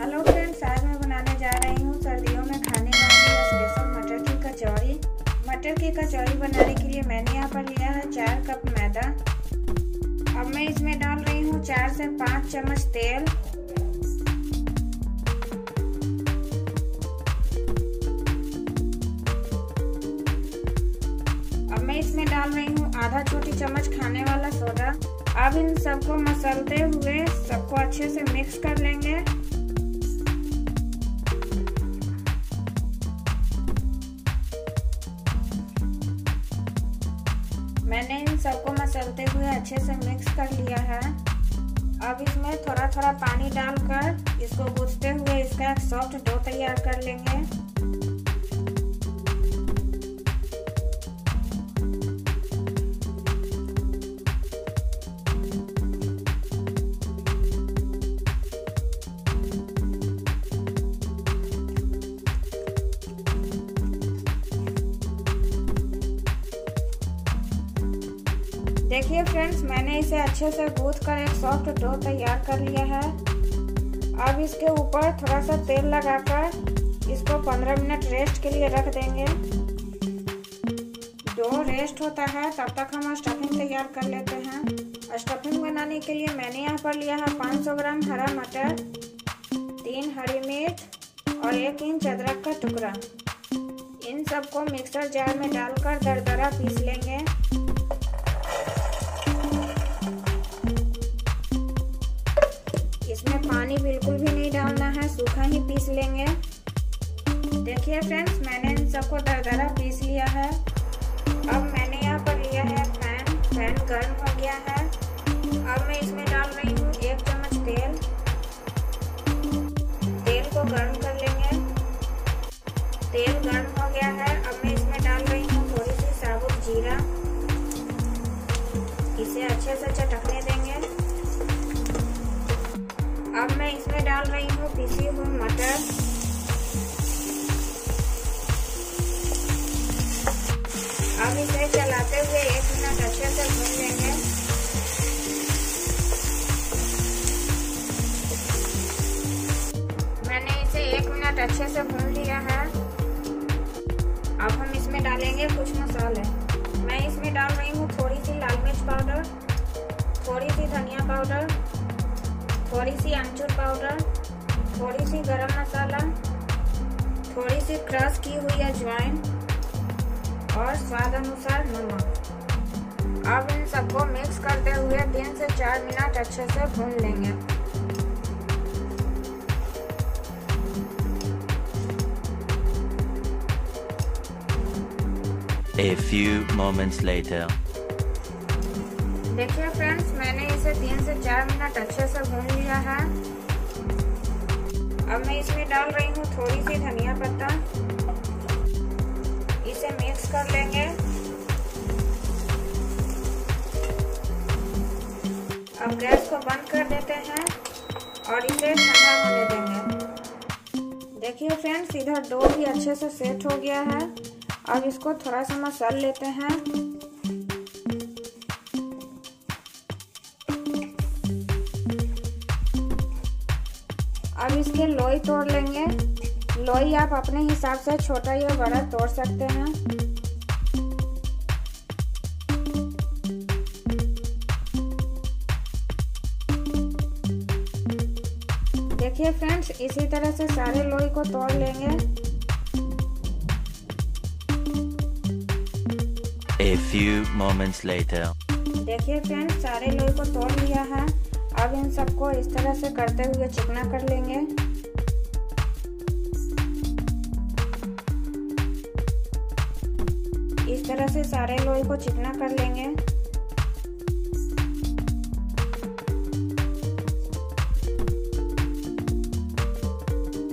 Hello friends आज मैं बनाने जा रही हूँ सर्दियों में खाने वाली स्पेशल मटर की कचौड़ी मटर की कचौड़ी बनाने के लिए मैंने यहाँ पर लिया है चार कप मैदा अब मैं इसमें डाल रही हूँ चार से पाँच चम्मच तेल अब मैं इसमें डाल रही हूँ आधा छोटी चम्मच खाने वाला सोडा अब इन सबको मसलते हुए सबको अच्छे से मिक्स कर लेंगे अच्छे से मिक्स कर लिया है अब इसमें थोड़ा थोड़ा पानी डालकर इसको गूंथते हुए इसका सॉफ्ट डो तैयार कर लेंगे देखिए फ्रेंड्स मैंने इसे अच्छे से गूथ कर एक सॉफ्ट डो तैयार कर लिया है अब इसके ऊपर थोड़ा सा तेल लगाकर इसको 15 मिनट रेस्ट के लिए रख देंगे डो रेस्ट होता है तब तक हम स्टफिंग तैयार कर लेते हैं स्टफिंग बनाने के लिए मैंने यहाँ पर लिया है 500 ग्राम हरा मटर तीन हरी मिर्च और एक इंच अदरक का टुकड़ा इन सबको मिक्सर जार में डालकर दरदरा पीस लेंगे पीस लेंगे देखिए फ्रेंड्स मैंने इन सबको दरदरा पीस लिया है अब मैंने यहाँ पर लिया है पैन पैन गर्म हो गया है अब मैं इसमें डाल रही हूँ एक चम्मच तेल तेल को गर्म कर लेंगे तेल गर्म हो गया है अब मैं इसमें डाल रही हूँ थोड़ी सी साबुत जीरा इसे अच्छे से चटकने देंगे अब मैं इसमें डाल रही हूँ पीसी हूँ मटर अब इसे चलाते हुए एक मिनट अच्छे से भून लेंगे मैंने इसे एक मिनट अच्छे से भून लिया है अब हम इसमें डालेंगे कुछ मसाले मैं इसमें डाल रही हूँ थोड़ी सी लाल मिर्च पाउडर थोड़ी सी धनिया पाउडर थोड़ी सी आमचूर पाउडर थोड़ी सी गरम मसाला थोड़ी सी क्रश की हुई अजवाइन और स्वाद अनुसार नमक अब इन सबको मिक्स करते हुए तीन से चार मिनट अच्छे से भून लेंगे A few moments later. देखिए फ्रेंड्स मैंने इसे तीन से चार मिनट अच्छे से भून लिया है अब मैं इसमें डाल रही हूँ थोड़ी सी धनिया पत्ता इसे मिक्स कर लेंगे अब गैस को बंद कर देते हैं और इसे ठंडा होने देंगे देखिए फ्रेंड्स इधर डो भी अच्छे से सेट हो गया है अब इसको थोड़ा सा मसल लेते हैं इसके लोई तोड़ लेंगे लोई आप अपने हिसाब से छोटा या बड़ा तोड़ सकते हैं देखिए फ्रेंड्स इसी तरह से सारे लोई को तोड़ लेंगे A few moments later. देखिए फ्रेंड्स सारे लोई को तोड़ लिया है अब इन सबको इस तरह से करते हुए चिकना कर लेंगे से सारे लोहे को चिकना कर लेंगे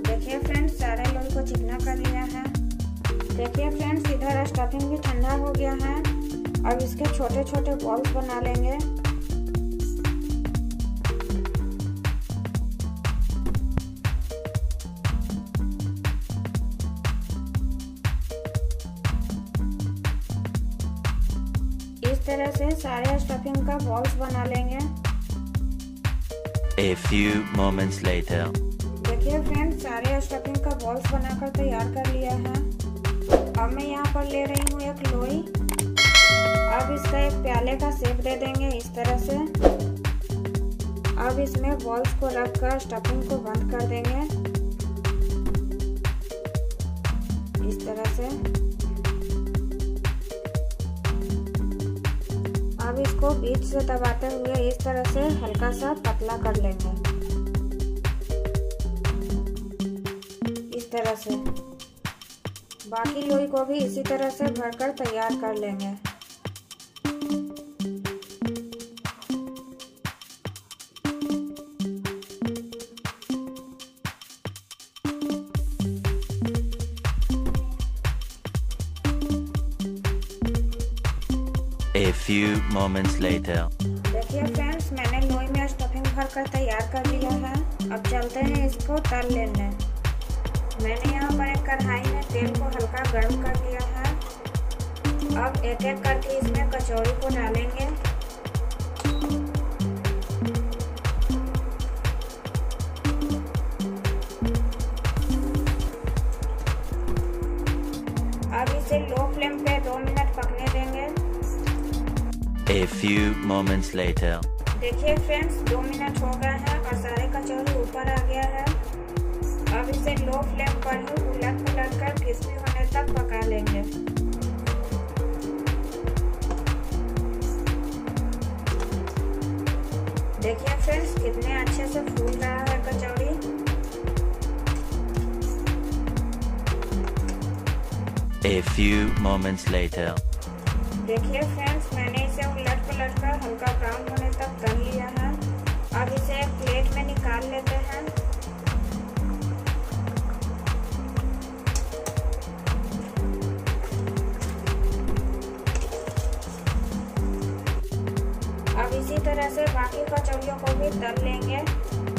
देखिए फ्रेंड्स सारे लोहे को चिकना कर लिया है देखिए फ्रेंड्स इधर स्टफिंग भी ठंडा हो गया है अब इसके छोटे छोटे बॉल्स बना लेंगे तरह से सारे स्टफिंग का बॉल्स बना लेंगे A few moments later. देखिए फ्रेंड सारे स्टफिंग का बॉल्स बनाकर तैयार कर लिया है अब मैं यहाँ पर ले रही हूँ एक लोई अब इसका एक प्याले का सेप दे देंगे इस तरह से अब इसमें बॉल्स को रखकर स्टफिंग को बंद कर देंगे इस तरह से अब इसको बीच से दबाते हुए इस तरह से हल्का सा पतला कर लेंगे इस तरह से बाकी लोई को भी इसी तरह से भरकर तैयार कर लेंगे A few moments later. देखिए फ्रेंड्स मैंने लोई में स्टफिंग भर कर तैयार कर लिया है अब चलते हैं इसको तल लेने मैंने यहाँ पर एक कढ़ाई में तेल को हल्का गर्म कर लिया है अब एक एक करके इसमें कचौड़ी को डालेंगे A few moments later. देखिए फ्रेंड्स दो मिनट हो गए हैं और सारे कचौरी ऊपर आ गया है अब इसे लो फ्लेम पर ही उलट पुलट कर क्रिस्पी होने तक पका लेंगे देखिए फ्रेंड्स कितने अच्छे से फूल रहा है kachori A few moments later. देखिए फ्रेंड्स मैंने इसे उलट पलट कर हल्का ब्राउन होने तक तल लिया है अब इसे प्लेट में निकाल लेते हैं अब इसी तरह से बाकी कचौड़ियों को भी तल लेंगे